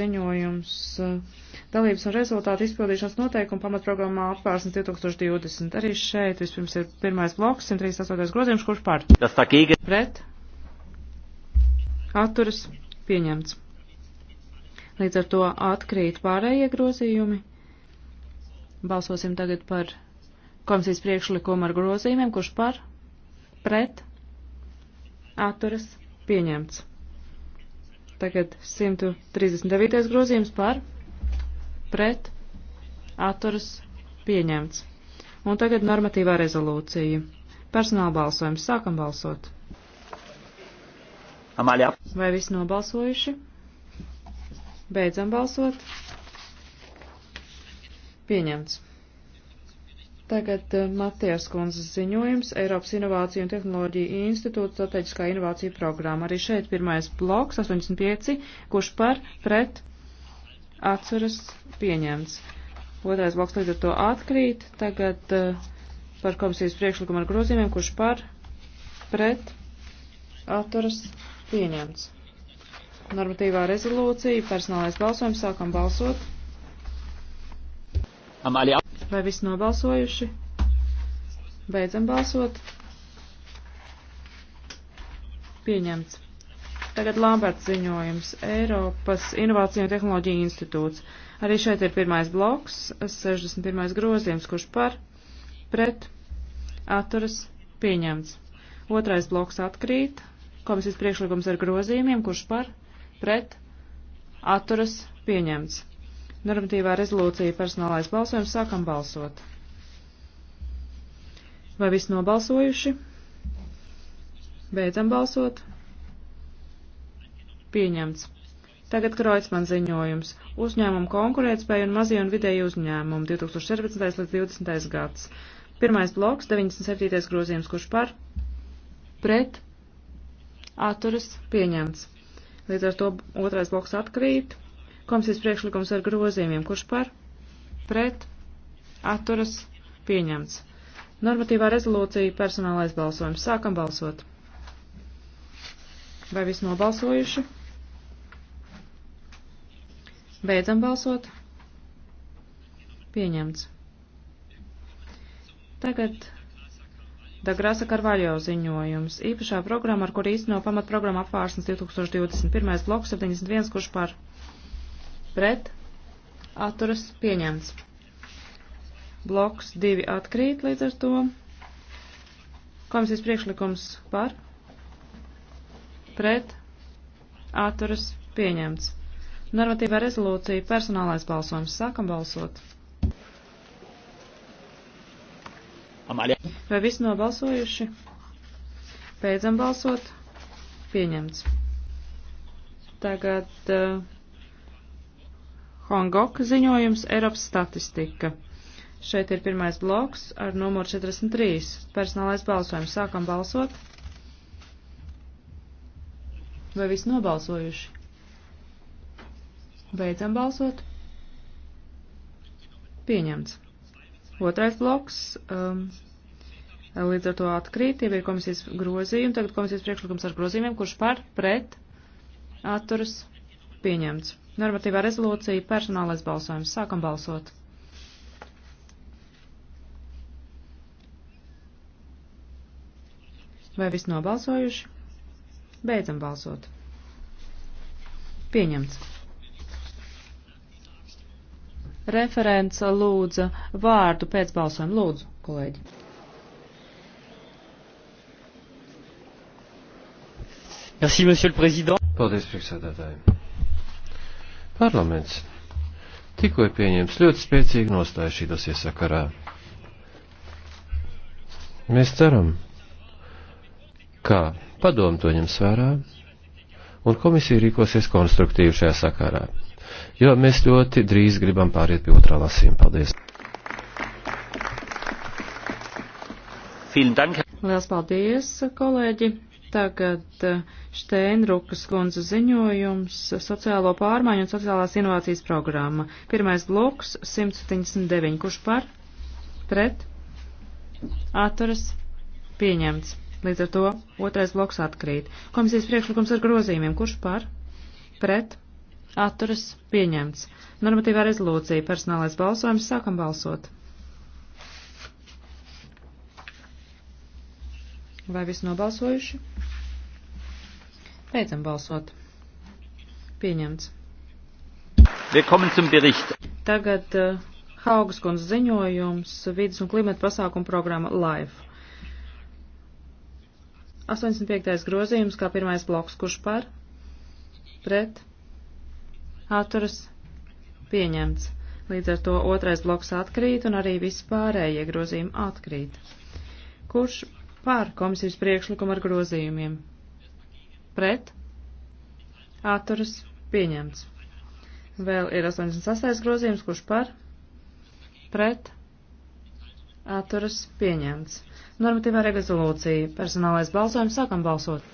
ziņojums eh, dalības un rezultātu izpildīšanas noteikumu pamatprogrammā apvērsnes 2020. Arī šeit vispirms ir pirmais bloks, 138. grozījums, kurš pār. Tas tā kīgi. Pret. Atturas. Pieņemts. Līdz ar to atkrīt pārējie grozījumi. Balsosim tagad par komisijas priekšlikumu ar grozījumiem, kurš par. Pret. Atturas. Pieņemts. Tagad 139. grozījums par pret atturas pieņemts. Un tagad normatīvā rezolūcija. Personāla balsojums. Sākam balsot. Amaļā. Vai visi nobalsojuši? Beidzam balsot. Pieņemts. Tagad eh, Matijas kundzes ziņojums Eiropas Inovāciju un Tehnoloģiju institūta strateģiskā inovācija programma. Arī šeit pirmais bloks 85, kurš par pret atceras pieņemts. Otrais bloks līdz ar to atkrīt. Tagad eh, par komisijas priekšlikumu ar grozījumiem, kurš par pret atturas pieņemts. Normatīvā rezolūcija, personālais balsojums, sākam balsot. Amalia. Vai viss nobalsojuši? Beidzam balsot. Pieņemts. Tagad Lamberts ziņojums. Eiropas Inovācija un Tehnoloģija institūts. Arī šeit ir pirmais bloks, 61. grozījums, kurš par, pret, atturas, pieņemts. Otrais bloks atkrīt. Komisijas priekšlikums ar grozījumiem, kurš par, pret, atturas, pieņemts. Normatīvā rezolūcija personālais balsojums sākam balsot. Vai viss nobalsojuši? Beidzam balsot. Pieņemts. Tagad Kreutzmann ziņojums. Uzņēmumu konkurētspēja un mazie un vidēji uzņēmumi 2014. līdz 2020. gads. Pirmais bloks, 97. grozījums, kurš par, pret, atturas, pieņemts. Līdz ar to otrais bloks atkrīt, Komisijas priekšlikums ar grozījumiem. Kurš par? Pret? Atturas? Pieņemts. Normatīvā rezolūcija personālais balsojums. Sākam balsot. Vai visi nobalsojuši? Beidzam balsot. Pieņemts. Tagad Dagrasa Karvaļo ziņojums. Īpašā programma, ar kuru īsteno pamatprogramma apvārsnes 2021. bloks 71, kurš par pret, atturas pieņemts. Bloks 2 atkrīt līdz ar to. Komisijas priekšlikums par, pret, atturas pieņemts. Normatīvā rezolūcija personālais balsojums. Sākam balsot. Vai visi nobalsojuši? Beidzam balsot. Pieņemts. Tagad uh, Hongoka ziņojums Eiropas statistika. Šeit ir pirmais bloks ar numuru 43. Personālais balsojums. Sākam balsot. Vai viss nobalsojuši? Beidzam balsot. Pieņemts. Otrais bloks. Um, līdz ar to atkrīt, jau ir komisijas grozījumi. Tagad komisijas priekšlikums ar grozījumiem, kurš par pret atturas pieņemts. Normatīvā rezolūcija personālais balsojums. Sākam balsot. Vai viss nobalsojuši? Beidzam balsot. Pieņemts. Referents lūdza vārdu pēc balsojuma. Lūdzu, kolēģi. Merci, monsieur le président. Paldies, priekšsēdētāji. Parlaments tikko ir pieņēmis ļoti spēcīgu nostāju šī dosie sakarā. Mēs ceram, ka padomu to ņems vērā un komisija rīkosies konstruktīvi šajā sakarā, jo mēs ļoti drīz gribam pāriet pie otrā lasījuma. Paldies! Liels paldies, kolēģi! Tagad eh, Štēnrukas kundze ziņojums - sociālo pārmaiņu un sociālās inovācijas programma. Pirmais bloks - 179. Kurš par? Pret? Atturas? Pieņemts. Līdz ar to otrais bloks atkrīt. Komisijas priekšlikums ar grozījumiem. Kurš par? Pret? Atturas? Pieņemts. Normatīvā rezolūcija. Personālais balsojums. Sākam balsot. Vai viss nobalsojuši? Beidzam balsot. Pieņemts. Tagad uh, Haugas kundze ziņojums vidas un klimata pasākuma programma LIFE. 85. grozījums kā pirmais bloks, kurš par, pret, atturas, pieņemts. Līdz ar to otrais bloks atkrīt un arī vispārējie grozījumi atkrīt. Kurš par komisijas priekšlikumu ar grozījumiem? pret, atturas pieņemts. Vēl ir 86. grozījums, kurš par, pret, atturas pieņemts. Normatīvā rezolūcija, personālais balsojums, sākam balsot.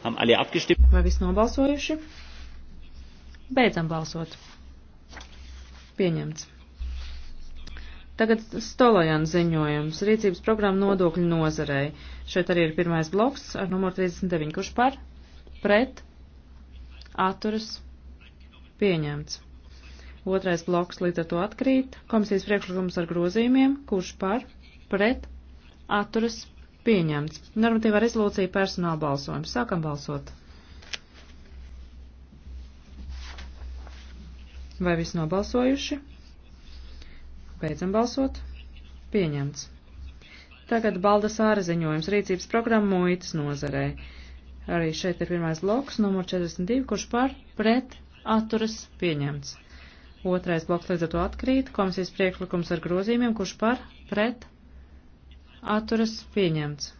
Vai viss nobalsojuši? Beidzam balsot. Pieņemts. Tagad Stolojana ziņojums, rīcības programma nodokļu nozarei. Šeit arī ir pirmais bloks ar numuru 39, kurš par, pret, atturas, pieņemts. Otrais bloks līdz ar to atkrīt. Komisijas priekšlikums ar grozījumiem, kurš par, pret, atturas, pieņemts. Normatīvā rezolūcija personāla balsojums. Sākam balsot. Vai viss nobalsojuši? Beidzam balsot. Pieņemts. Tagad baldas āraziņojums rīcības programma muitas nozarē. Arī šeit ir pirmais bloks, numur 42, kurš par pret atturas pieņemts. Otrais bloks līdz ar to atkrīt, komisijas priekšlikums ar grozījumiem, kurš par pret atturas pieņemts.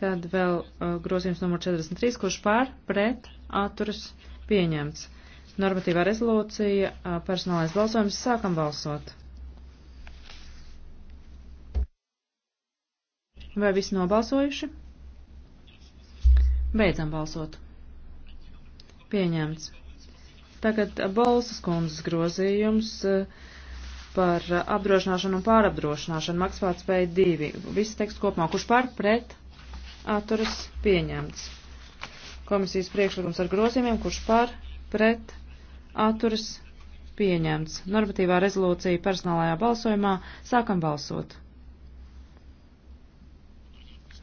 Tad vēl uh, grozījums numur 43, kurš pār pret atturas pieņemts. Normatīvā rezolūcija, personālais balsojums, sākam balsot. Vai visi nobalsojuši? Beidzam balsot. Pieņemts. Tagad balsas kundzes grozījums par apdrošināšanu un pārapdrošināšanu. Maksvārtspēja divi. Viss teksts kopumā. Kurš par pret atturas pieņemts? Komisijas priekšlikums ar grozījumiem. Kurš par pret atturas pieņemts. Normatīvā rezolūcija personālajā balsojumā sākam balsot.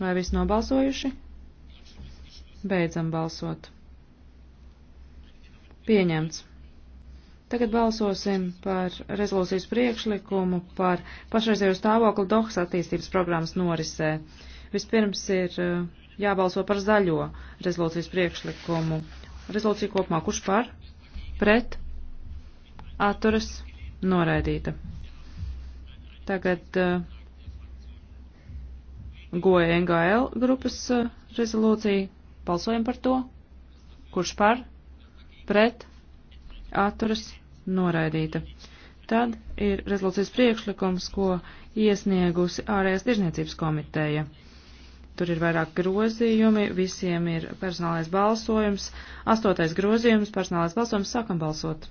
Vai viss nobalsojuši? Beidzam balsot. Pieņemts. Tagad balsosim par rezolūcijas priekšlikumu par pašreizējo stāvokli Dohas attīstības programmas norisē. Vispirms ir uh, jābalso par zaļo rezolūcijas priekšlikumu. Rezolūcija kopumā kurš par? pret, atturas, noraidīta. Tagad uh, goja NGL grupas uh, rezolūcija. Balsojam par to. Kurš par, pret, atturas, noraidīta. Tad ir rezolūcijas priekšlikums, ko iesniegusi ārējās tirzniecības komiteja. Tur ir vairāk grozījumi, visiem ir personālais balsojums. Astotais grozījums, personālais balsojums, sākam balsot.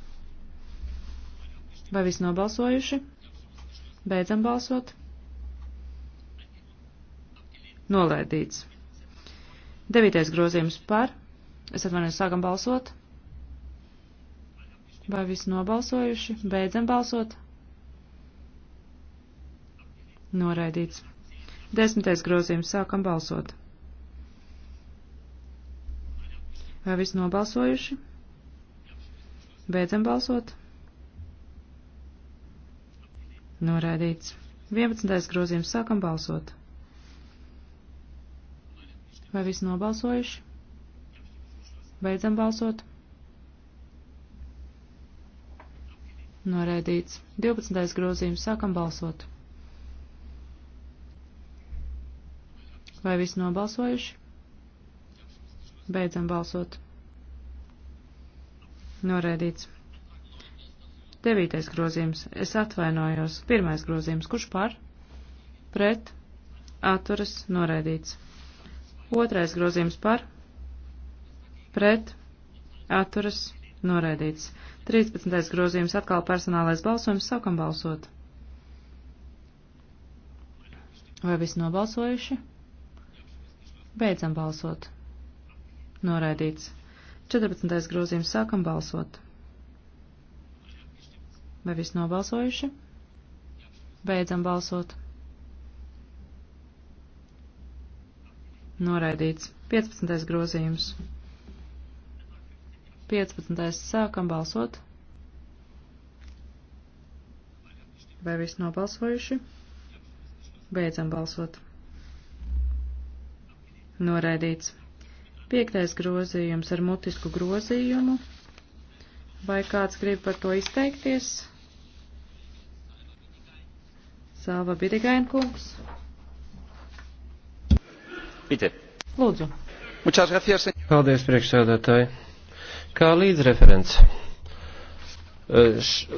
Vai visi nobalsojuši? Beidzam balsot. Nolēdīts. Devītais grozījums par. Es atvainojos, sākam balsot. Vai visi nobalsojuši? Beidzam balsot. Noraidīts. Desmitais grozījums. Sākam balsot. Vai viss nobalsojuši? Beidzam balsot. Noraidīts. 11. grozījums sākam balsot. Vai visi nobalsojuši? Beidzam balsot. Noraidīts. 12. grozījums sākam balsot. Vai visi nobalsojuši? Beidzam balsot. Norēdīts. Devītais grozījums. Es atvainojos. Pirmais grozījums. Kurš par? Pret. Atturas. Norēdīts. Otrais grozījums par. Pret. Atturas. Norēdīts. 13. grozījums atkal personālais balsojums. Sākam balsot. Vai visi nobalsojuši? Beidzam balsot. Noraidīts. 14. grozījums sākam balsot. Vai viss nobalsojuši? Beidzam balsot. Noraidīts. 15. grozījums. 15. sākam balsot. Vai viss nobalsojuši? Beidzam balsot noraidīts. Piektais grozījums ar mutisku grozījumu. Vai kāds grib par to izteikties? Sāva Bidigainkungs. Pite. Lūdzu. Muchas gracias. Paldies, priekšsēdētāji. Kā līdzreferents. Eh, š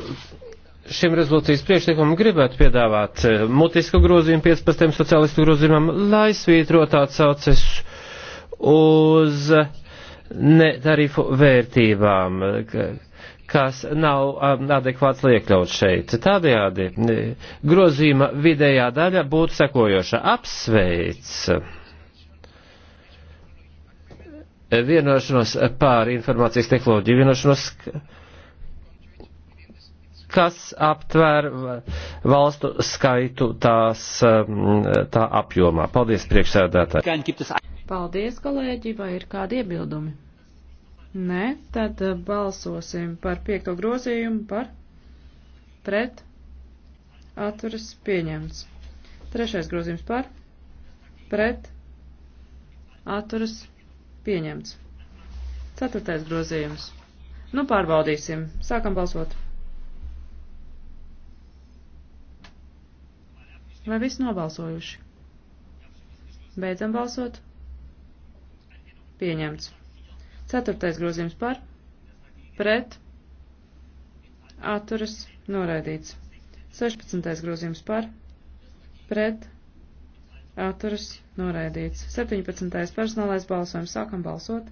šim rezolūcijas priekšlikumam gribētu piedāvāt eh, mutisku grozījumu 15. socialistu grozījumam, lai svītrot atsauces uz netarifu vērtībām, kas nav um, adekvāts liekļauts šeit. Tādējādi grozījuma vidējā daļa būtu sekojoša. Apsveic! Vienošanos pār informācijas tehnoloģiju, vienošanos kas aptver valstu skaitu tās um, tā apjomā. Paldies, priekšsēdētāji. Paldies, kolēģi, vai ir kādi iebildumi? Nē, tad uh, balsosim par piekto grozījumu par pret atturas pieņemts. Trešais grozījums par pret atturas pieņemts. Ceturtais grozījums. Nu, pārbaudīsim. Sākam balsot. Vai viss nobalsojuši? Beidzam balsot. Pieņemts. Ceturtais grozījums par, pret, atturas, noraidīts. 16. grozījums par, pret, atturas, noraidīts. 17. personālais balsojums, sākam balsot.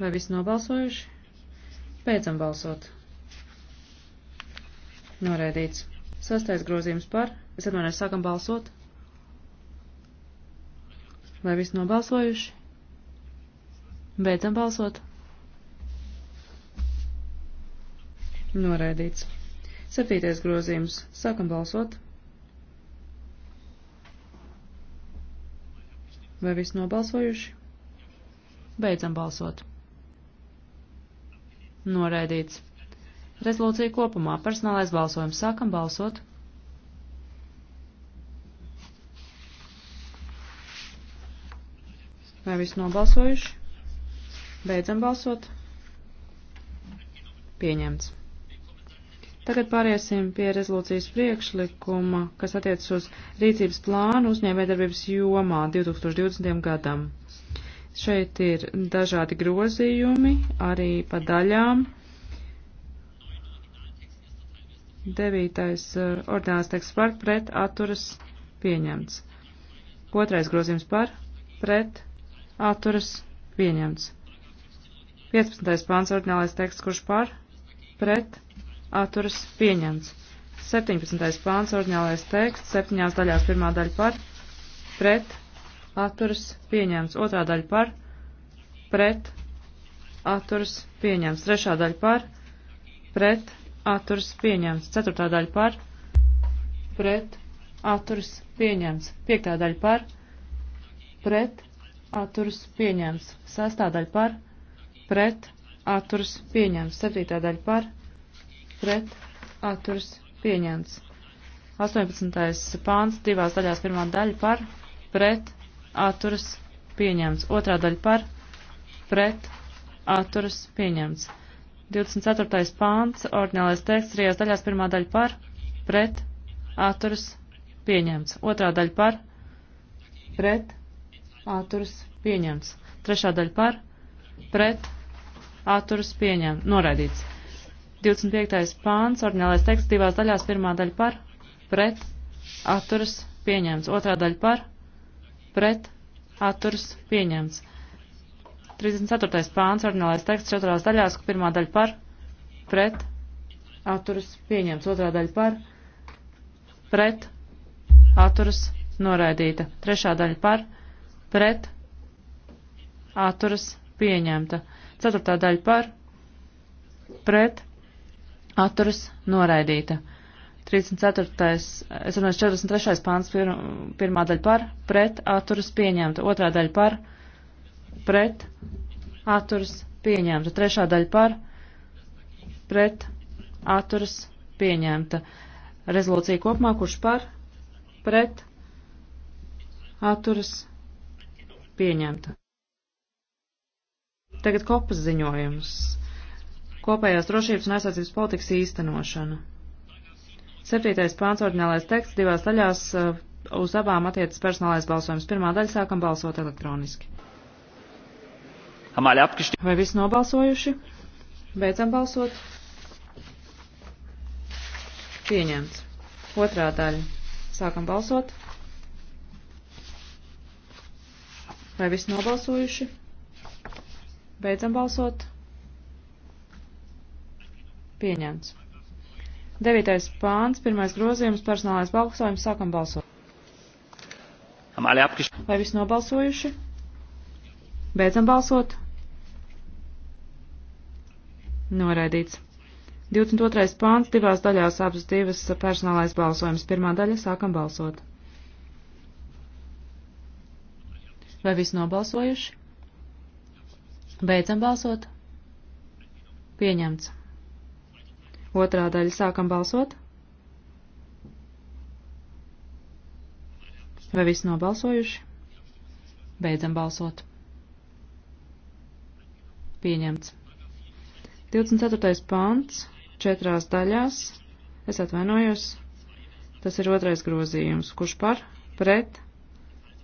Vai viss nobalsojuši? Beidzam balsot. Noraidīts. Sastais grozījums par. Es atvainojos, sākam balsot. Vai viss nobalsojuši? Beidzam balsot. Noraidīts. Septītais grozījums. Sākam balsot. Vai viss nobalsojuši? Beidzam balsot. Noraidīts rezolūciju kopumā. Personālais balsojums. Sākam balsot. Vai viss nobalsojuši? Beidzam balsot. Pieņemts. Tagad pāriesim pie rezolūcijas priekšlikuma, kas attiecas uz rīcības plānu uzņēmējdarbības jomā 2020. gadam. Šeit ir dažādi grozījumi, arī pa daļām. Devītais eh, ordināls teksts par pret atturas pieņemts. Otrais grozījums par pret atturas pieņemts. 15. pāns ordinālais teksts, kurš par pret atturas pieņemts. 17. pāns ordinālais teksts, 7. daļās pirmā daļa par pret atturas pieņemts. Otrā daļa par pret atturas pieņemts. Trešā daļa par pret atturas pieņemts atturas pieņemts. Ceturtā daļa par, pret, atturas pieņemts. Piektā daļa par, pret, atturas pieņemts. Sestā daļa par, pret, atturas pieņemts. Septītā daļa par, pret, atturas pieņemts. 18. pāns divās daļās pirmā daļa par, pret, atturas pieņemts. Otrā daļa par, pret, atturas pieņemts. 24. pāns, ordinālais teksts, trijās daļās, pirmā daļa par, pret, atturas, pieņemts. Otrā daļa par, pret, atturas, pieņemts. Trešā daļa par, pret, atturas, pieņemts. Noraidīts. 25. pāns, ordinālais teksts, divās daļās, pirmā daļa par, pret, atturas, pieņemts. Otrā daļa par, pret, atturas, pieņemts. 34. pāns, ordinālais teksts, četrās daļās, pirmā daļa par, pret, atturas, pieņemts, otrā daļa par, pret, atturas, noraidīta, trešā daļa par, pret, atturas, pieņemta, ceturtā daļa par, pret, atturas, noraidīta. 34. es runāju 43. pāns, pir, pirmā daļa par, pret, atturas, pieņemta, otrā daļa par, pret, pret, atturas, pieņemta. Trešā daļa par, pret, atturas, pieņemta. Rezolūcija kopumā, kurš par, pret, atturas, pieņemta. Tagad kopas ziņojums. Kopējās drošības un aizsardzības politikas īstenošana. Septītais pāns ordinālais teksts divās daļās uh, uz abām attiecas personālais balsojums. Pirmā daļa sākam balsot elektroniski. Vai viss nobalsojuši? Beidzam balsot. Pieņemts. Otrā daļa. Sākam balsot. Vai viss nobalsojuši? Beidzam balsot. Pieņemts. Devītais pāns, pirmais grozījums, personālais balsojums, sākam balsot. Vai viss nobalsojuši? Beidzam balsot. Noraidīts. 22. pāns divās daļās abas divas personālais balsojums. Pirmā daļa sākam balsot. Vai viss nobalsojuši? Beidzam balsot. Pieņemts. Otrā daļa sākam balsot. Vai viss nobalsojuši? Beidzam balsot. Pieņemts. 24. pants četrās daļās. Es atvainojos. Tas ir otrais grozījums, kurš par, pret,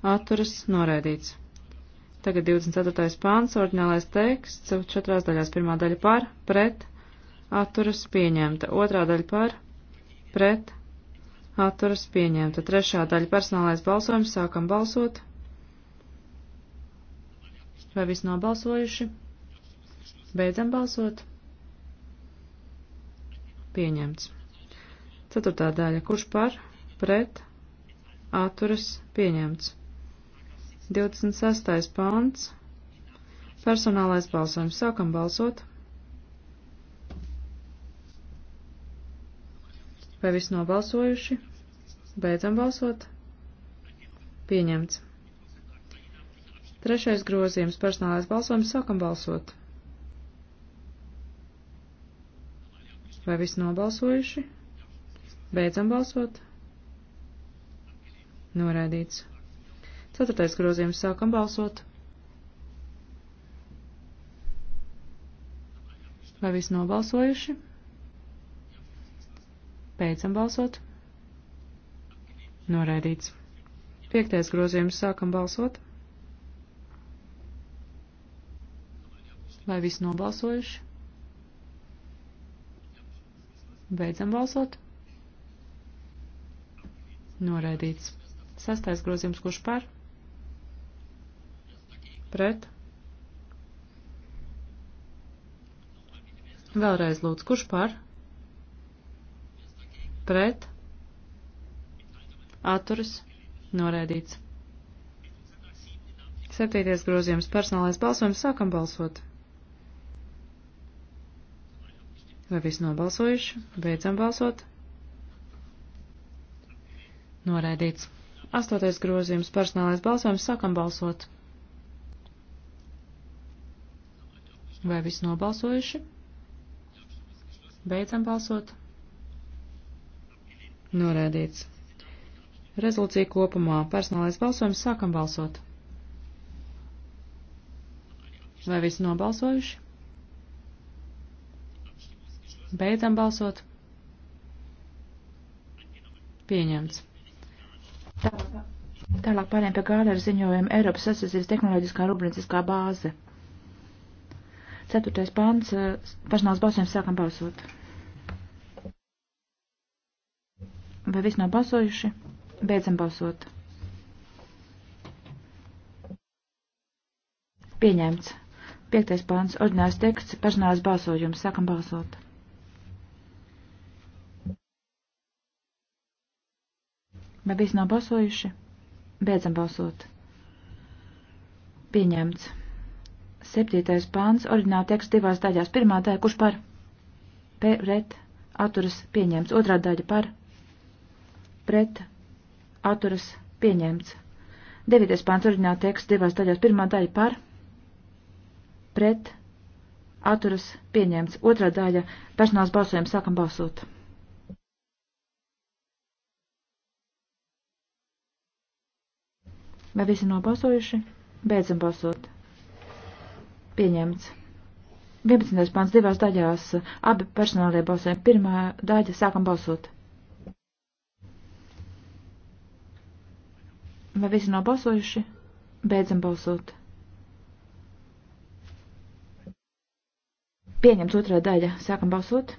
atturas, noraidīts. Tagad 24. pāns, orģinālais teksts, četrās daļās pirmā daļa par, pret, atturas, pieņemta, otrā daļa par, pret, atturas, pieņemta, trešā daļa personālais balsojums, sākam balsot. Vai viss nobalsojuši? Beidzam balsot pieņemts. Ceturtā daļa, kurš par, pret, atturas, pieņemts. 26. pāns, personālais balsojums, sākam balsot. Vai viss nobalsojuši? Beidzam balsot. Pieņemts. Trešais grozījums personālais balsojums sākam balsot. Vai viss nobalsojuši? Beidzam balsot. Noraidīts. Ceturtais grozījums. Sākam balsot. Vai viss nobalsojuši? Beidzam balsot. Noraidīts. Piektais grozījums. Sākam balsot. Vai viss nobalsojuši? Beidzam balsot. Noraidīts. Sastais grozījums, kurš par? Pret. Vēlreiz lūdzu, kurš par? Pret. Atturis. Noraidīts. Septītais grozījums personālais balsojums sākam balsot. Vai viss nobalsojuši? Beidzam balsot. Noraidīts. Astotais grozījums personālais balsojums. Sākam balsot. Vai viss nobalsojuši? Beidzam balsot. Noraidīts. Rezolūcija kopumā. Personālais balsojums. Sākam balsot. Vai viss nobalsojuši? Beidzam balsot. Pieņemts. Tālāk, tālāk pārējām pie Gālera ziņojuma Eiropas Sasasības tehnoloģiskā rubriciskā bāze. Ceturtais pāns, eh, personāls balsojums sākam balsot. Vai viss nav balsojuši? Beidzam balsot. Pieņemts. Piektais pāns, ordinārs teksts, personāls balsojums sākam balsot. Vai visi nav balsojuši? Beidzam balsot. Pieņemts. Septītais pāns, oriģināla teksts divās daļās. Pirmā daļa, kurš par? Pret, atturas, pieņemts. Otrā daļa par? Pret, atturas, pieņemts. Devītais pāns, oriģināla teksts divās daļās. Pirmā daļa par? Pret, atturas, pieņemts. Otrā daļa, personāls balsojums, sākam balsot. Vai visi nobalsojuši? Beidzam balsot. Pieņemts. 11. pāns divās daļās. Abi personālie balsojumi. Pirmā daļa sākam balsot. Vai visi nobalsojuši? Beidzam balsot. Pieņemts otrā daļa. Sākam balsot.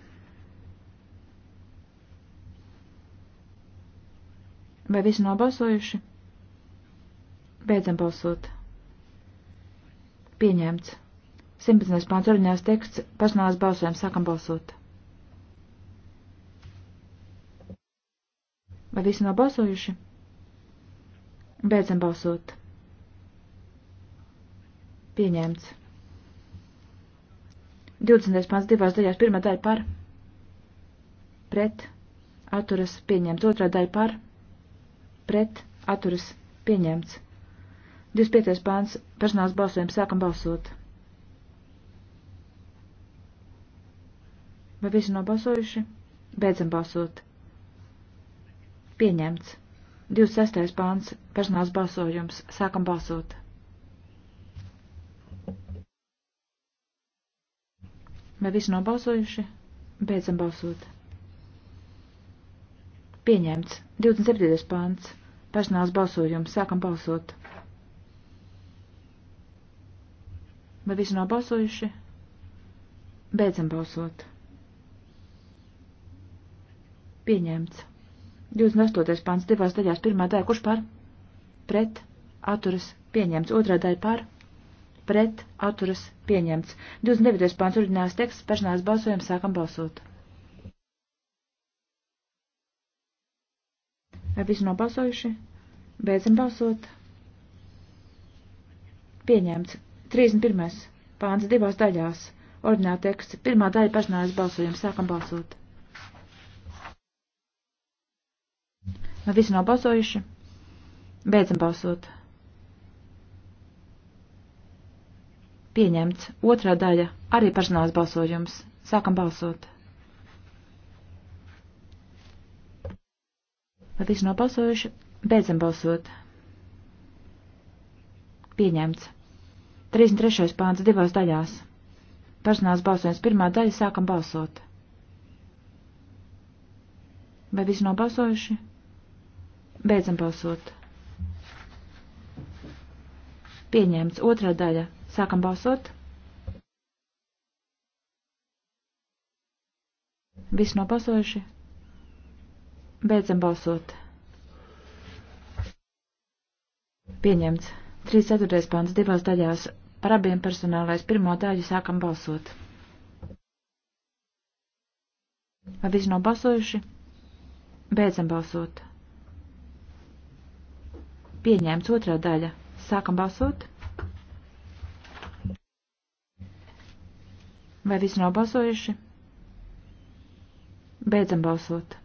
Vai visi nobalsojuši? Beidzam balsot. Pieņemts. 11. pāns oriģināls teksts. Personālās balsojums. Sākam balsot. Vai visi nav balsojuši? Beidzam balsot. Pieņemts. 20. pāns divās daļās. Pirmā daļa par. Pret. Atturas. Pieņemts. Otrā daļa par. Pret. Atturas. Pieņemts. 25. pāns personāls balsojums. Sākam balsot. Vai visi nobalsojuši? Beidzam balsot. Pieņemts. 26. pāns personāls balsojums. Sākam balsot. Vai visi nobalsojuši? Beidzam balsot. Pieņemts. 27. pāns personāls balsojums. Sākam balsot. Vai visi nobalsojuši? Beidzam balsot. Pieņemts. 28. pants divās daļās pirmā daļa, kurš par? Pret, atturas, pieņemts. Otrā daļa par? Pret, atturas, pieņemts. 29. pants ordinārs teksts, personāls balsojums, sākam balsot. Vai visi nobalsojuši? Beidzam balsot. Pieņemts. 31. pāns divās daļās. Ordināla teksts. Pirmā daļa pašnājas balsojums. Sākam balsot. Vai visi nav balsojuši? Beidzam balsot. Pieņemts. Otrā daļa. Arī pašnājas balsojums. Sākam balsot. Vai visi nav balsojuši? Beidzam balsot. Pieņemts. 33. pāns divās daļās. Personāls balsojums pirmā daļa sākam balsot. Vai visi nobalsojuši? Beidzam balsot. Pieņemts otrā daļa. Sākam balsot. Visi nobalsojuši? Beidzam balsot. Pieņemts. 3.4. pāns divās daļās. Par abiem personālais pirmo daļu sākam balsot. Vai visi nav balsojuši? Beidzam balsot. Pieņēmts otrā daļa. Sākam balsot. Vai visi nav balsojuši? Beidzam balsot.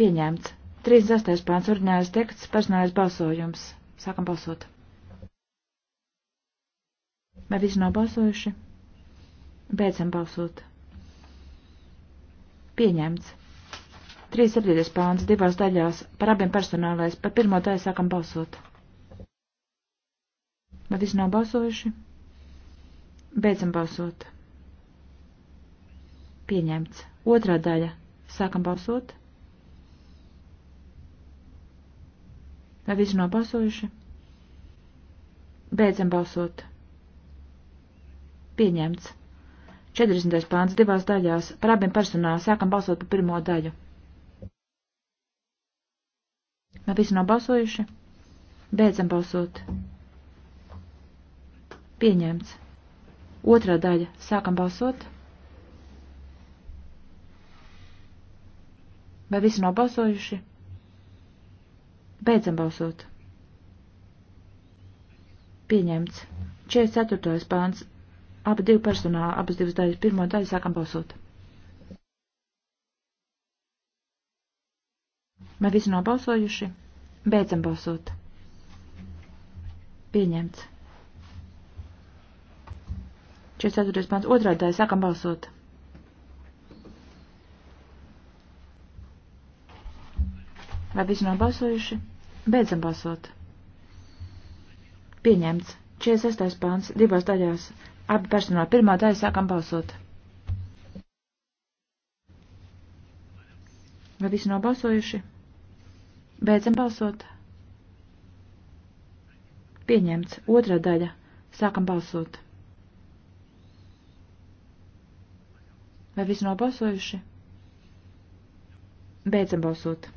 Pieņemts. 36. pāns ordinārais teksts, personālais balsojums. Sākam balsot. Vai visi nobalsojuši? Beidzam balsot. Pieņemts. 3.7. pāns divās daļās par abiem personālais, par pirmo daļu sākam balsot. Vai visi nobalsojuši? Beidzam balsot. Pieņemts. Otrā daļa. Sākam balsot. Vai visi nobalsojuši? Beidzam balsot. Pieņemts. 40. pāns divās daļās. Par abiem personām sākam balsot par pirmo daļu. Vai visi nav balsojuši? Beidzam balsot. Pieņemts. Otrā daļa. Sākam balsot. Vai visi nav balsojuši? Beidzam balsot. Pieņemts. 44. pāns Abi divi personāli, abas divas daļas, pirmo daļu sākam balsot. Vai visi nobalsojuši? Beidzam balsot. Pieņemts. 44. pants. Otrā daļa. Sākam balsot. Vai visi nobalsojuši? Beidzam balsot. Pieņemts. 46. pāns, divās daļās. Abi personāli. Pirmā daļa sākam balsot. Vai visi nobalsojuši? Beidzam balsot. Pieņemts. Otra daļa. Sākam balsot. Vai visi nobalsojuši? Beidzam balsot.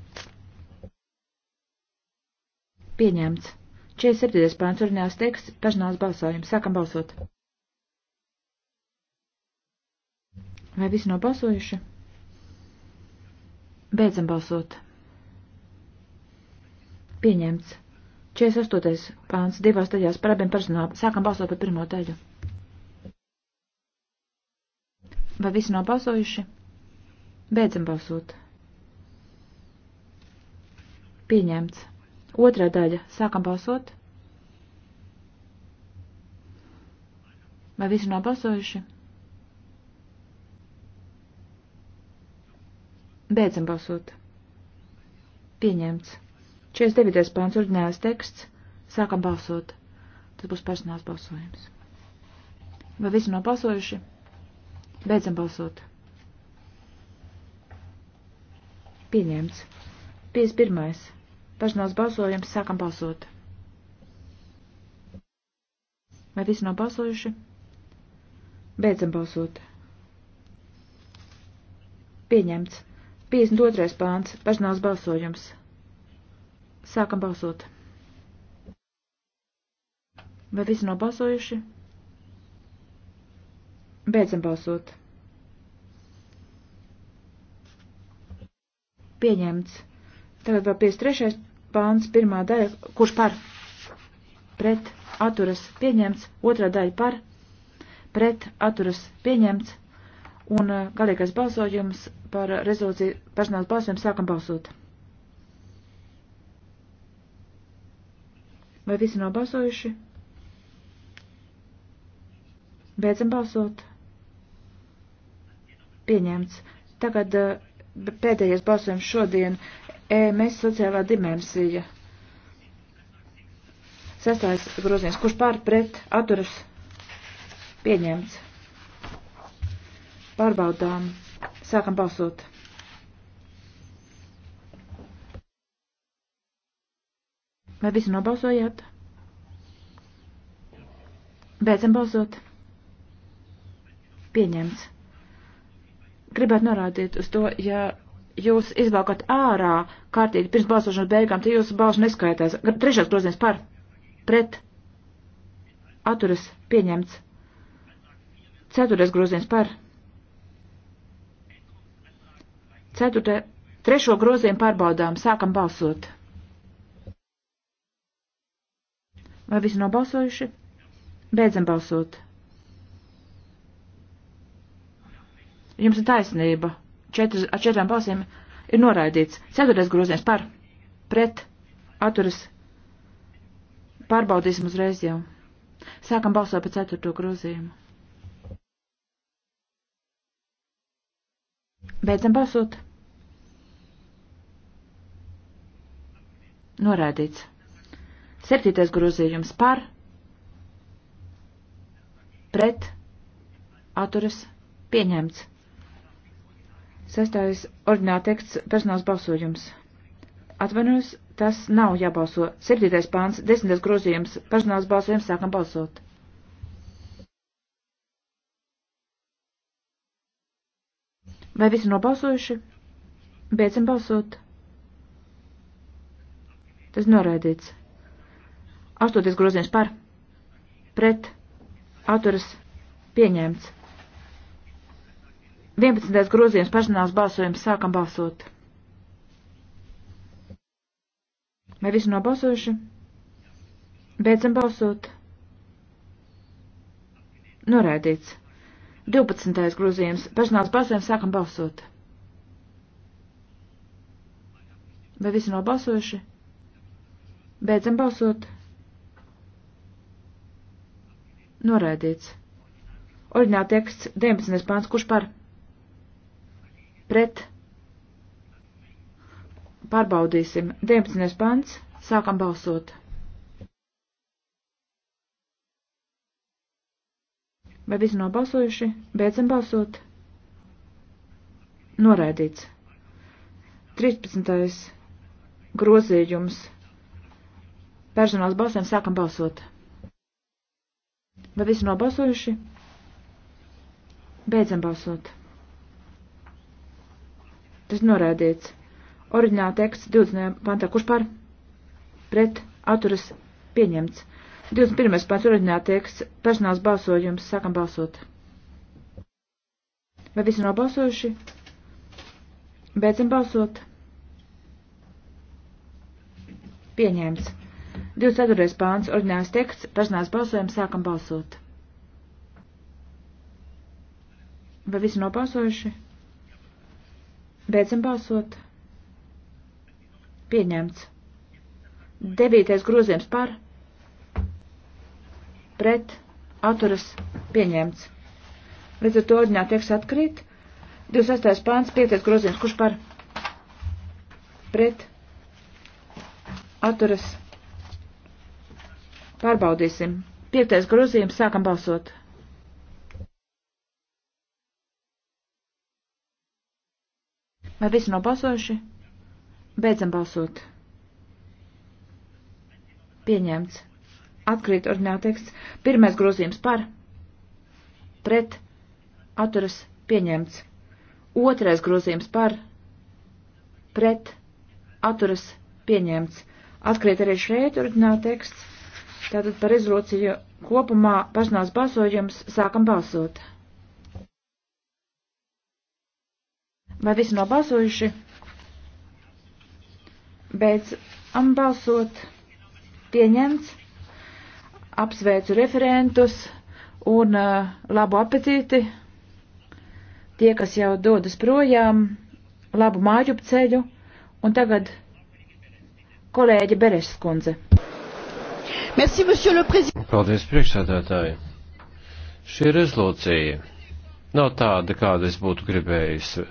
Pieņemts. 47. pāns orināls teksts, pažināls balsojums. Sākam balsot. Vai visi nobalsojuši? Beidzam balsot. Pieņemts. 48. pāns divās daļās par abiem personām. Sākam balsot par pirmo daļu. Vai visi nobalsojuši? Beidzam balsot. Pieņemts. Otrā daļa. Sākam balsot. Vai visi nav balsojuši? Beidzam balsot. Pieņemts. 49. pāns ordinālais teksts. Sākam balsot. Tas būs personāls balsojums. Vai visi nav balsojuši? Beidzam balsot. Pieņemts. 51. Personāls balsojums. Sākam balsot. Vai visi nav balsojuši? Beidzam balsot. Pieņemts. 52. pāns. Personāls balsojums. Sākam balsot. Vai visi nav balsojuši? Beidzam balsot. Pieņemts. Tagad vēl 53 pāns, pirmā daļa, kurš par pret atturas pieņemts, otrā daļa par pret atturas pieņemts, un eh, galīgais balsojums par rezolūciju personāls balsojumu sākam balsot. Vai visi nav balsojuši? Beidzam balsot. Pieņemts. Tagad eh, pēdējais balsojums šodien E mēs sociālā dimensija. Sestais groziens, kurš pār pret atturas pieņemts. Pārbaudām. Sākam balsot. Vai visi nobalsojāt? Beidzam balsot. Pieņemts. Gribētu norādīt uz to, ja jūs izvelkat ārā kārtīgi pirms balsošanas beigām, tad jūsu balsu neskaitās. Trešais grozījums par, pret, atturas, pieņemts. Ceturtais grozījums par. Ceturtā, trešo grozījumu pārbaudām, sākam balsot. Vai visi nobalsojuši? Beidzam balsot. Jums ir taisnība četri, ar četrām balsīm ir noraidīts. Ceturtais grozījums par pret atturas pārbaudīsim uzreiz jau. Sākam balsot par ceturto grozījumu. Beidzam balsot. Norādīts. Septītais grozījums par, pret, atturas, pieņemts. Sestais ordināla teksts personāls balsojums. Atvainojos, tas nav jābalso. Septītais pāns, desmitais grozījums, personāls balsojums, sākam balsot. Vai visi nobalsojuši? Beidzam balsot. Tas noraidīts. Astoties grozījums par. Pret. Atturas. Pieņemts. 11. grozījums personāls balsojums. Sākam balsot. Vai visi nobalsojuši? Beidzam balsot. Noraidīts. 12. grozījums. Personāls balsojums. Sākam balsot. Vai visi nobalsojuši? Beidzam balsot. Noraidīts. Oriģināla teksts 19. pāns. Kurš par? pret pārbaudīsim. 19. pants. Sākam balsot. Vai visi nobalsojuši? Beidzam balsot. Noraidīts. 13. grozījums. Personāls balsēm sākam balsot. Vai visi nobalsojuši? Beidzam balsot. Tas norādīts. Oriģināla teksts 20. pantā, kurš par pret atturas pieņemts. 21. pants oriģināla teksts personāls balsojums. Sākam balsot. Vai visi nobalsojuši? Beidzam balsot. Pieņemts. 24. pāns oriģināls teksts personāls balsojums. Sākam balsot. Vai visi nobalsojuši? Beidzam balsot. Pieņemts. Devītais grozījums par. Pret. Atturas. Pieņemts. Līdz ar to ordināli tieks atkrīt. 26. pāns, 5. grozījums. Kurš par? Pret. Atturas. Pārbaudīsim. 5. grozījums. Sākam balsot. Vai visi nobalsojuši? Beidzam balsot. Pieņemts. Atkrīt ordināla teksts. Pirmais grozījums par. Pret. Atturas. Pieņemts. Otrais grozījums par. Pret. Atturas. Pieņemts. Atkrīt arī šeit ordināla teksts. Tātad par izrociju kopumā personās balsojums sākam balsot. Vai visi nobalsojuši? Beidzam balsot. Pieņemts. Apsveicu referentus un uh, labu apetīti. Tie, kas jau dodas projām, labu māju ceļu. Un tagad kolēģi Bereskundze. Merci, monsieur le président. Paldies, priekšsēdētāji. Šī rezolūcija nav tāda, kāda es būtu gribējusi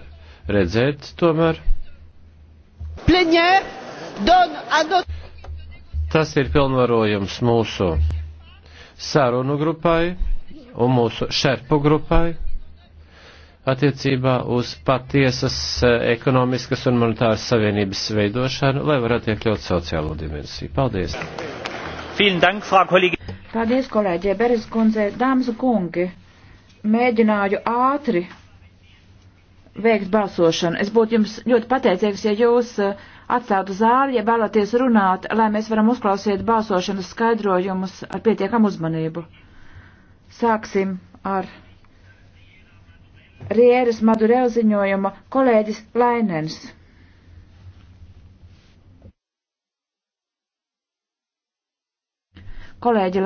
redzēt tomēr. Tas ir pilnvarojums mūsu sarunu grupai un mūsu šerpu grupai attiecībā uz patiesas e, ekonomiskas un monetāras savienības veidošanu, lai varētu iekļaut sociālo dimensiju. Paldies! Paldies, kolēģie Beres kundze, dāmas un kungi! Mēģināju ātri veikt balsošanu. Es būtu jums ļoti pateicīgs, ja jūs eh, atstātu zāli, ja vēlaties runāt, lai mēs varam uzklausīt balsošanas skaidrojumus ar pietiekam uzmanību. Sāksim ar Rieres Madureo ziņojuma kolēģis Lainens. Kolēģi